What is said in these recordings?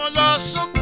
mo lọ sókè.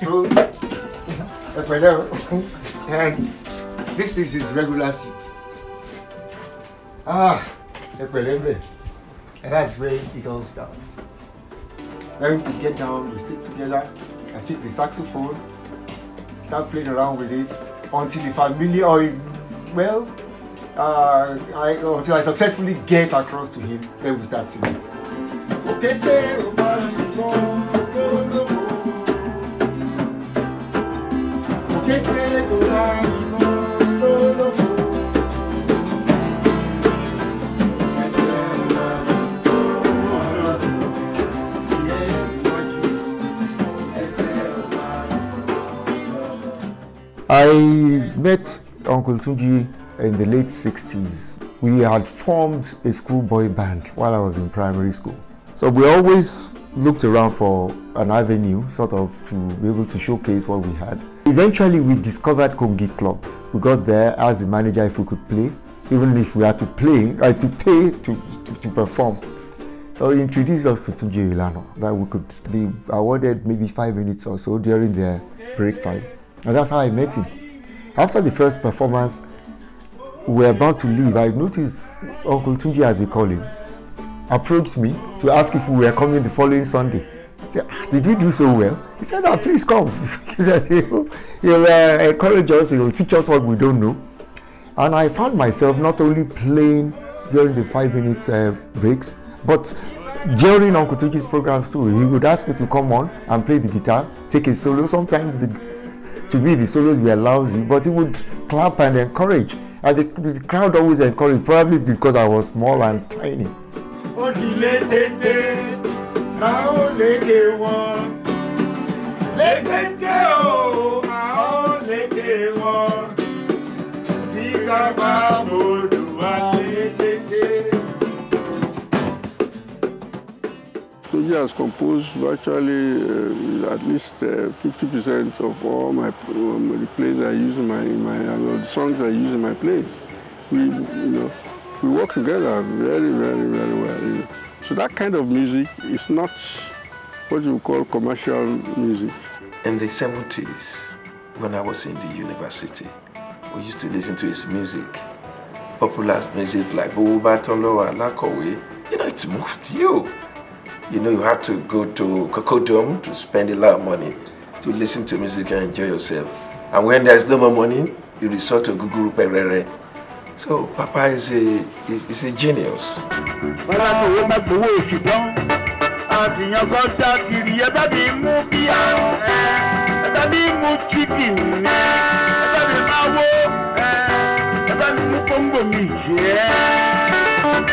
I pẹ̀lẹ́ and this is his regular seat ah ẹ pẹ̀lẹ́ bẹ̀ and that's where it all starts then we get down we sit together I pick the saxophone start playing around with it until the family or well uh, I, until I successfully get across to him then we start singing. Okay, okay. I met Uncle Tunji in the late 60s. We had formed a schoolboy band while I was in primary school. So we always looked around for an avenue, sort of, to be able to showcase what we had. Eventually, we discovered Kongi Club. We got there, as the manager if we could play, even if we had to play, to pay to, to, to perform. So he introduced us to Tunji Ilano, that we could be awarded maybe five minutes or so during their break time. And that's how I met him. After the first performance, we were about to leave. I noticed Uncle Tunji, as we call him, approached me to ask if we were coming the following Sunday. I said, ah, Did we do so well? He said, ah, please come. he said, He'll, he'll uh, encourage us, he'll teach us what we don't know. And I found myself not only playing during the five minute uh, breaks, but during Uncle Tunji's programs too. He would ask me to come on and play the guitar, take a solo. Sometimes the to me, the solos were lousy, but he would clap and encourage. And the, the crowd always encouraged, probably because I was small and tiny. Bàbá mo He has composed virtually uh, at least 50% uh, of all my um, the plays I use in my, in my the songs I use in my plays. We, you know, we work together very, very, very well. So that kind of music is not what you call commercial music. In the 70s, when I was in the university, we used to listen to his music, popular music like Bobo Batolo, Alakowe. You know, it moved you. you know you have to go to Cocodome to spend a lot of money to listen to music and enjoy yourself. And when there's no more money, you resort to Guguru Perere. So Papa is a is, a genius. àtìyàn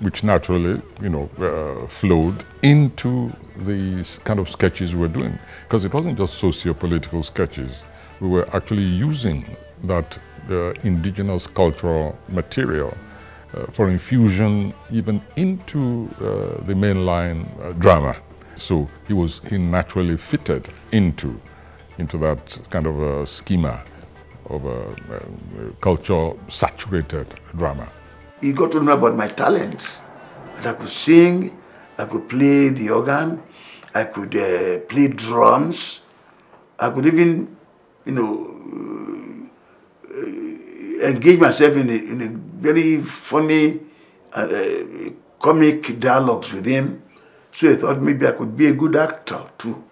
which naturally, you know, uh, flowed into the kind of sketches we were doing. Because it wasn't just socio-political sketches. We were actually using that uh, indigenous cultural material uh, for infusion even into uh, the mainline uh, drama. So he was he naturally fitted into, into that kind of a schema of a, um, a culture-saturated drama he got to know about my talents. That I could sing, I could play the organ, I could uh, play drums, I could even, you know, uh, uh engage myself in a, in a very funny, uh, comic dialogues with him. So he thought maybe I could be a good actor too.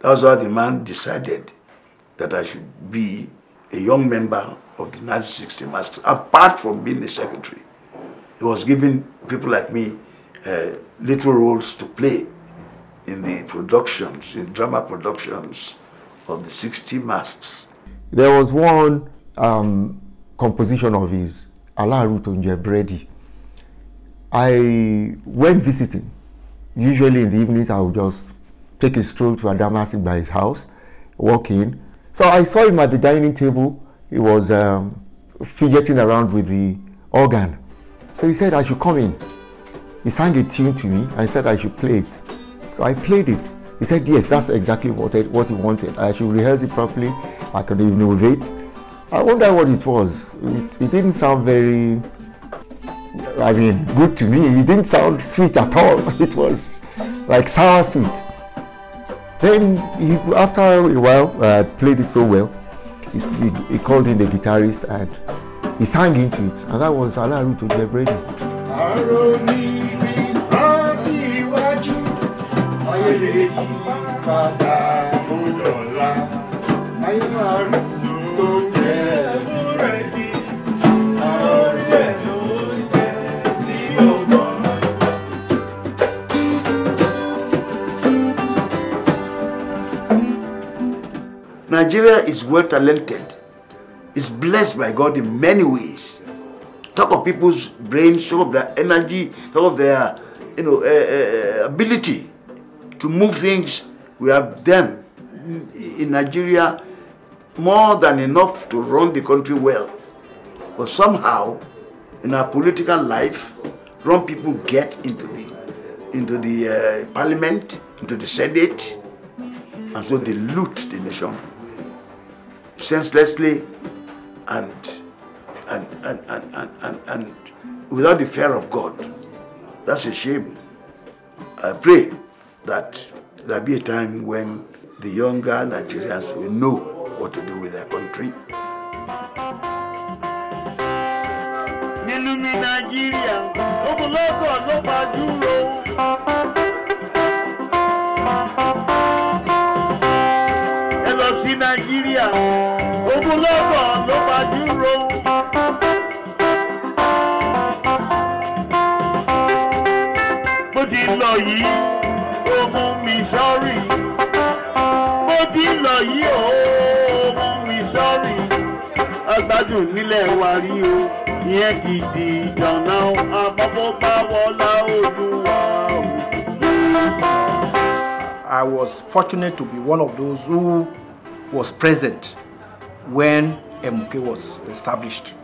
That was how the man decided that I should be a young member of the 1960 masks, apart from being a secretary. He was giving people like me uh, little roles to play in the productions, in drama productions of the 60 masks. There was one um, composition of his, Alaru Tonje Brady. I went visiting. Usually in the evenings, I would just take a stroll to Adamasi by his house, walk in. So I saw him at the dining table he was um, fidgeting around with the organ. So he said I should come in. He sang a tune to me and said I should play it. So I played it. He said, yes, that's exactly what, it, what he wanted. I should rehearse it properly. I can innovate. I wonder what it was. It, it didn't sound very, I mean, good to me. It didn't sound sweet at all. It was like sour sweet. Then, he, after a while, I uh, played it so well, he, he called in the guitarist and he sang into it and that was Alaru to the brain. Àrò níbi Nigeria is well talented, is blessed by God in many ways. Talk of people's brains, some of their energy, some of their you know, uh, uh, ability to move things. We have them in Nigeria more than enough to run the country well. But somehow, in our political life, wrong people get into the, into the uh, parliament, into the senate, and so they loot the nation senselessly and, and, and, and, and, and, and without the fear of God. That's a shame. I pray that there be a time when the younger Nigerians will know what to do with their country. Nínú mi nílẹ̀ wa rí o ìyẹn kì ìjànà àbọ̀bọ̀ bá wọlá olúwa o. I was fortunate to be one of those who was present when MK was established.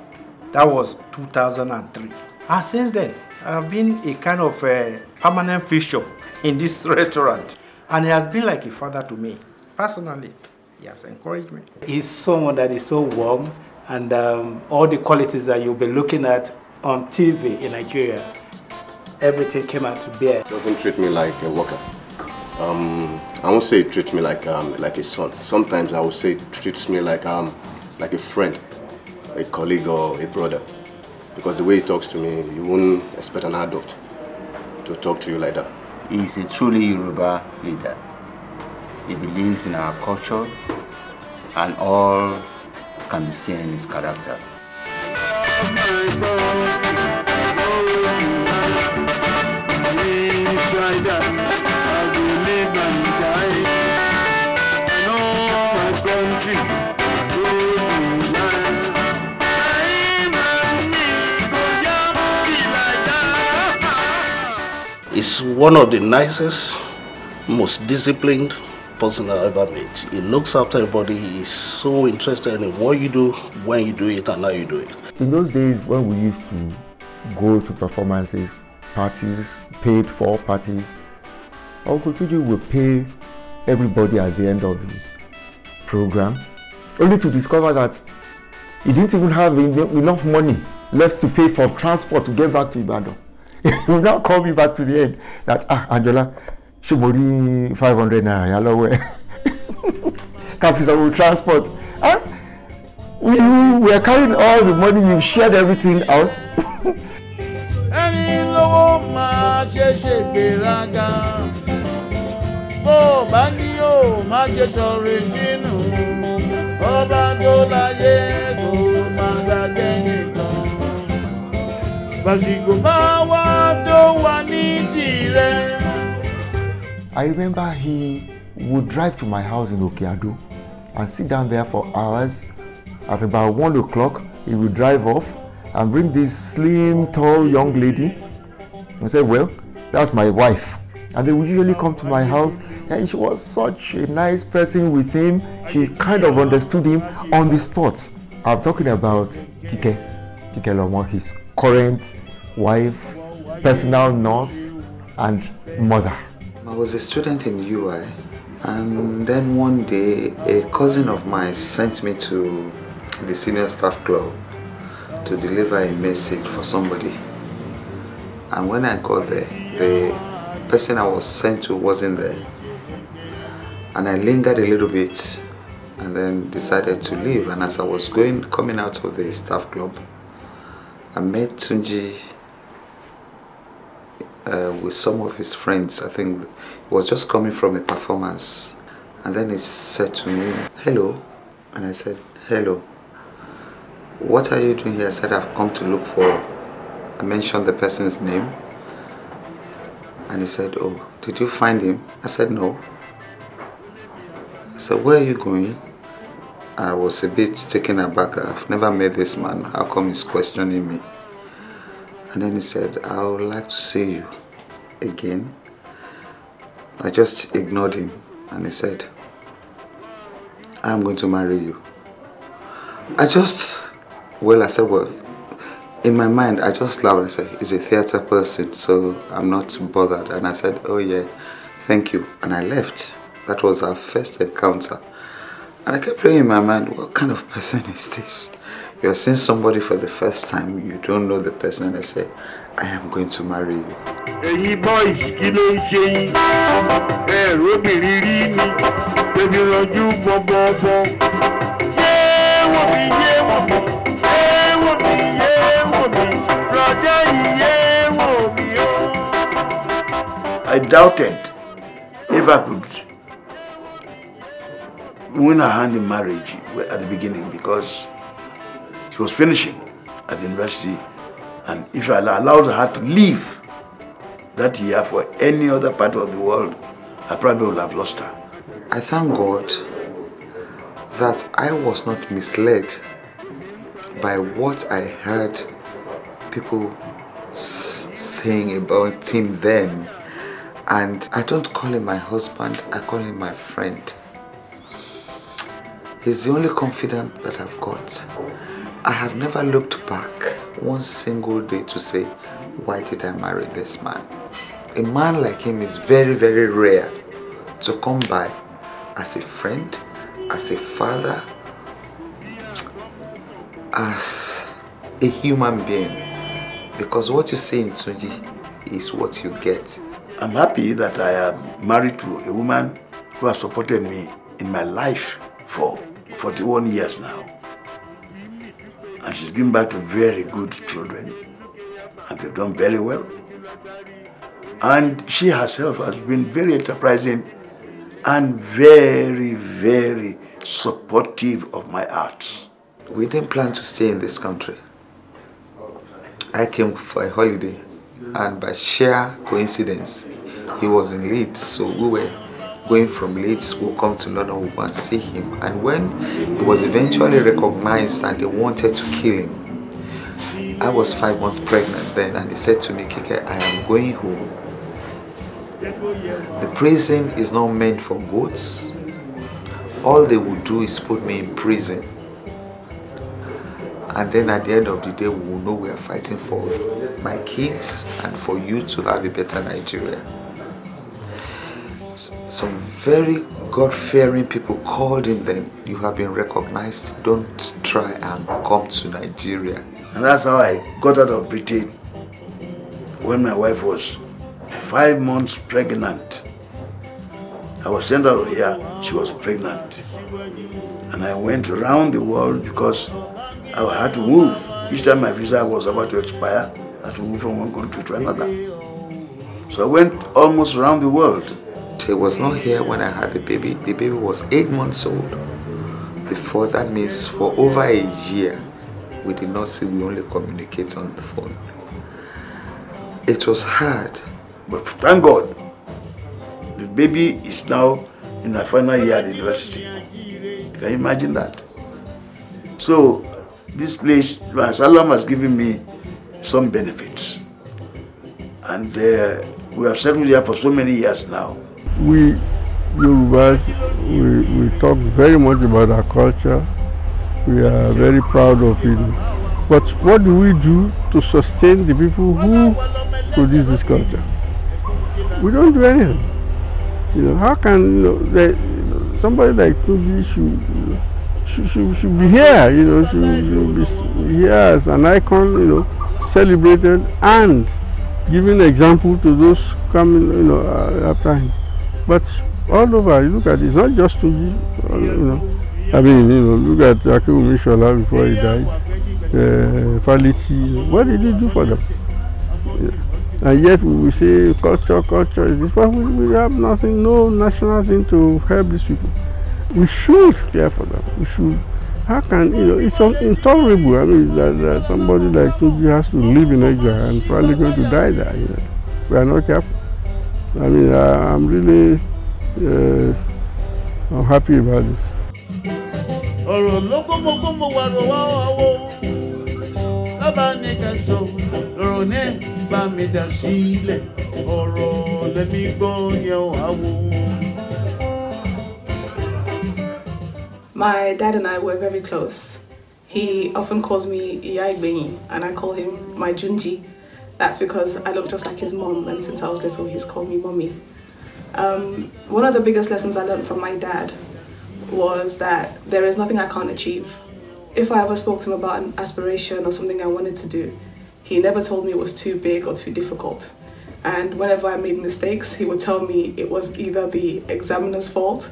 That was 2003. And ah, since then, I've been a kind of a uh, permanent fixture in this restaurant. And he has been like a father to me, personally. He has encouraged me. He's someone that is so warm and um, all the qualities that you'll be looking at on TV in Nigeria, everything came out to bear. Doesn't treat me like a worker um, I won't say it treats me like um, like a son. Sometimes I would say it treats me like um, like a friend, a colleague, or a brother, because the way he talks to me, you wouldn't expect an adult to talk to you like that. He's a truly Yoruba leader. He believes in our culture, and all can be seen in his character. He's one of the nicest, most disciplined person I ever met. He looks after everybody, he's so interested in what you do, when you do it, and how you do it. In those days when we used to go to performances, parties, paid for parties, Uncle Tuju would pay everybody at the end of the program, only to discover that he didn't even have enough money left to pay for transport to get back to Ibadan. You now call me back to the end that ah Anjola ṣé mo rí five hundred naira yá lọ́wọ́ ẹ̀ ká fi sanwó transport ah we we are carrying all the money you shared everything out. ẹni lówó máa ṣe ṣègbéraga bó bá ní o má ṣe sọ̀rọ̀ ìdínú ọba tó láyé. I remember he would drive to my house in Okiado and sit down there for hours. At about one o'clock, he would drive off and bring this slim, tall young lady. I said, Well, that's my wife. And they would usually come to my house, and she was such a nice person with him. She kind of understood him on the spot. I'm talking about Kike. Ikelomo, his current wife, personal nurse, and mother. I was a student in UI, and then one day a cousin of mine sent me to the senior staff club to deliver a message for somebody. And when I got there, the person I was sent to wasn't there. And I lingered a little bit and then decided to leave. And as I was going, coming out of the staff club, I met Tunji uh, with some of his friends. I think he was just coming from a performance. And then he said to me, hello. And I said, hello. What are you doing here? I said, I've come to look for... I mentioned the person's name. And he said, oh, did you find him? I said, no. I said, where are you going? I was a bit taken aback. I've never met this man. How come he's questioning me? And then he said, I would like to see you again. I just ignored him and he said, I'm going to marry you. I just, well, I said, well, in my mind, I just laughed. I said, he's a theater person, so I'm not bothered. And I said, oh yeah, thank you. And I left. That was our first encounter. And I kept praying in my mind, what kind of person is this? You're seeing somebody for the first time, you don't know the person, and I say, I am going to marry you. I boys doubted if I could win her hand in marriage at the beginning because she was finishing at the university and if I allowed her to leave that year for any other part of the world, I probably would have lost her. I thank God that I was not misled by what I heard people saying about him then. And I don't call him my husband, I call him my friend. He's the only confidant that I've got. I have never looked back one single day to say, why did I marry this man? A man like him is very, very rare to come by as a friend, as a father, as a human being. Because what you see in Tsunji is what you get. I'm happy that I am married to a woman who has supported me in my life for 41 years now. And she's given back to very good children. And they've done very well. And she herself has been very enterprising and very, very supportive of my art. We didn't plan to stay in this country. I came for a holiday and by sheer coincidence, he was in Leeds, so we were going from Leeds will come to London, will go and see him. And when he was eventually recognized and they wanted to kill him, I was five months pregnant then and he said to me, Kike, I am going home. The prison is not meant for goats. All they will do is put me in prison. And then at the end of the day, we will know we are fighting for my kids and for you to have a better Nigeria some very God-fearing people called in. then, you have been recognized, don't try and come to Nigeria. And that's how I got out of Britain when my wife was five months pregnant. I was sent out here, she was pregnant. And I went around the world because I had to move. Each time my visa was about to expire, I had to move from one country to another. So I went almost around the world. She was not here when I had the baby. The baby was eight months old. Before that means for over a year, we did not see, we only communicate on the phone. It was hard. But thank God, the baby is now in her final year at university. Can you imagine that? So this place, Salam has given me some benefits. And uh, we have settled here for so many years now we Yorubas, we, we talk very much about our culture. We are very proud of it. But what do we do to sustain the people who produce this culture? We don't do anything. You know, how can you know, they, somebody like Tunji should, you know, should, should, should be here, you know, should, should be here as an icon, you know, celebrated and giving example to those coming, you know, uh, after him. But all over, you look at it, it's not just Tuji. Uh, you know, I mean, you know, look at Akinwumi Shola before he died. Uh, Faliti, what did he do for them? Yeah. And yet we say culture, culture is this, but we, we have nothing, no national thing to help these people. We should care for them. We should. How can you know? It's intolerable. I mean, that, that somebody like Tuji has to live in exile and probably going to die there. You know, we are not careful. I mean, I, am really uh, I'm happy about this. My dad and I were very close. He often calls me Iya Igbenyi and I call him my Junji. That's because I look just like his mom, and since I was little, he's called me mommy. Um, one of the biggest lessons I learned from my dad was that there is nothing I can't achieve. If I ever spoke to him about an aspiration or something I wanted to do, he never told me it was too big or too difficult. And whenever I made mistakes, he would tell me it was either the examiner's fault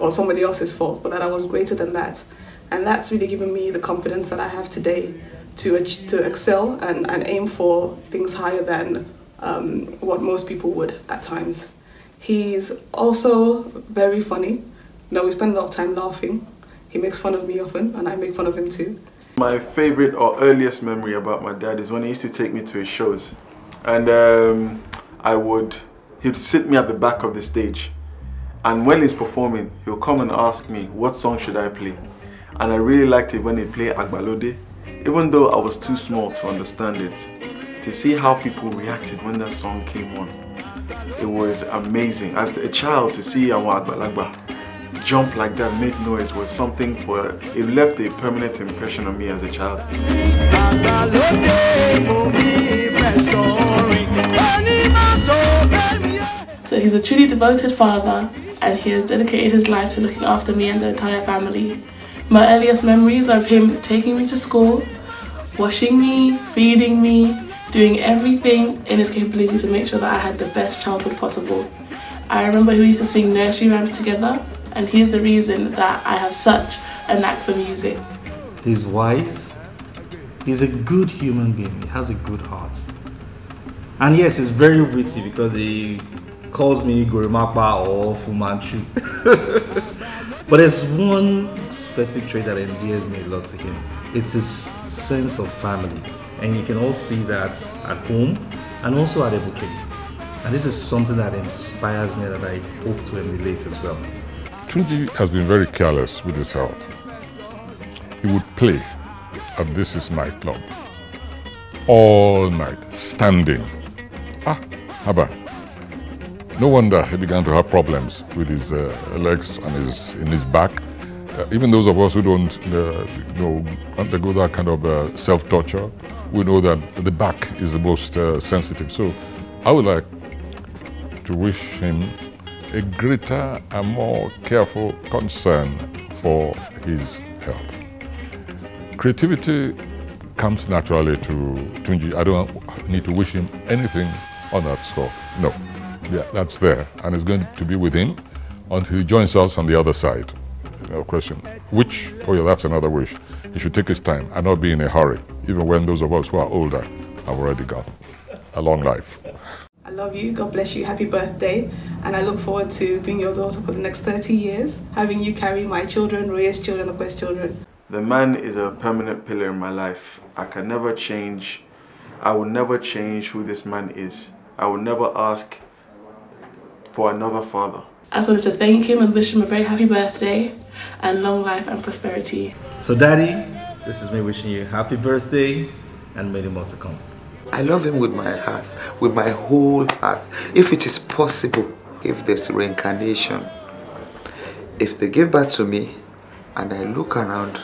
or somebody else's fault, but that I was greater than that. And that's really given me the confidence that I have today to, to excel and, and aim for things higher than um, what most people would at times. He's also very funny. No, we spend a lot of time laughing. He makes fun of me often, and I make fun of him too. My favorite or earliest memory about my dad is when he used to take me to his shows. And um, I would, he'd sit me at the back of the stage. And when he's performing, he'll come and ask me, what song should I play? And I really liked it when he played Agbalode even though I was too small to understand it, to see how people reacted when that song came on, it was amazing. As a child, to see Awon Agbalagba jump like that, make noise, was something for, it left a permanent impression on me as a child. So he's a truly devoted father and he has dedicated his life to looking after me and the entire family. My earliest memories are of him taking me to school, washing me, feeding me, doing everything in his capability to make sure that I had the best childhood possible. I remember we used to sing nursery rhymes together, and he's the reason that I have such a knack for music. He's wise, he's a good human being, he has a good heart. And yes, he's very witty because he calls me Gorimapa or Fu Manchu. but there's one specific trait that endears me a lot to him it's his sense of family. And you can all see that at home and also at Ebuke. And this is something that inspires me that I hope to emulate as well. Tunji has been very careless with his health. He would play at this is nightclub all night, standing. Ah, Haba. No wonder he began to have problems with his uh, legs and his, in his back. Uh, even those of us who don't uh, you know, undergo that kind of uh, self-torture, we know that the back is the most uh, sensitive. So I would like to wish him a greater and more careful concern for his health. Creativity comes naturally to Tunji. I don't need to wish him anything on that score. No, yeah, that's there. And it's going to be with him until he joins us on the other side no question. Which, oh yeah, that's another wish. He should take his time and not be in a hurry, even when those of us who are older have already got a long life. I love you. God bless you. Happy birthday. And I look forward to being your daughter for the next 30 years, having you carry my children, Roya's children, Okwe's children. The man is a permanent pillar in my life. I can never change. I will never change who this man is. I will never ask for another father. I just wanted to thank him and wish him a very happy birthday and long life and prosperity. So daddy, this is me wishing you happy birthday and many more to come. I love him with my heart, with my whole heart. If it is possible, if there's reincarnation, if they give birth to me and I look around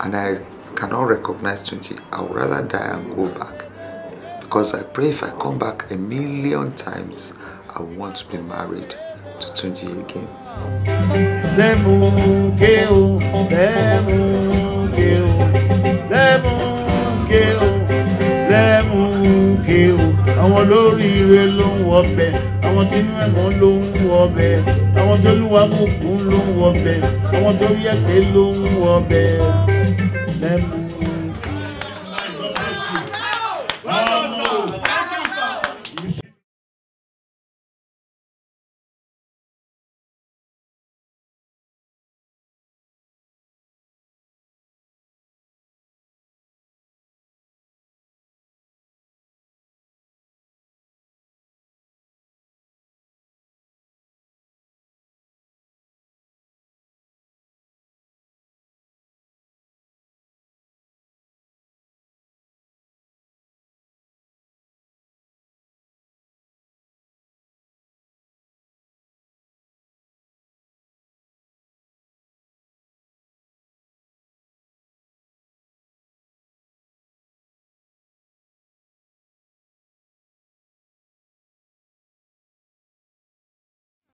and I cannot recognize Tunji, I would rather die and go back. Because I pray if I come back a million times, I want to be married. to Tunji again. Lemukeo, Lemukeo, Lemukeo, Lemukeo. Àwọn olóríire ló ń wọbẹ̀, àwọn tí inú ẹ̀mọ́ ló ń wọbẹ̀, àwọn tó lúwa mú kún ló ń wọbẹ̀, àwọn tó rí ló ń wọbẹ̀. Lẹ́mú.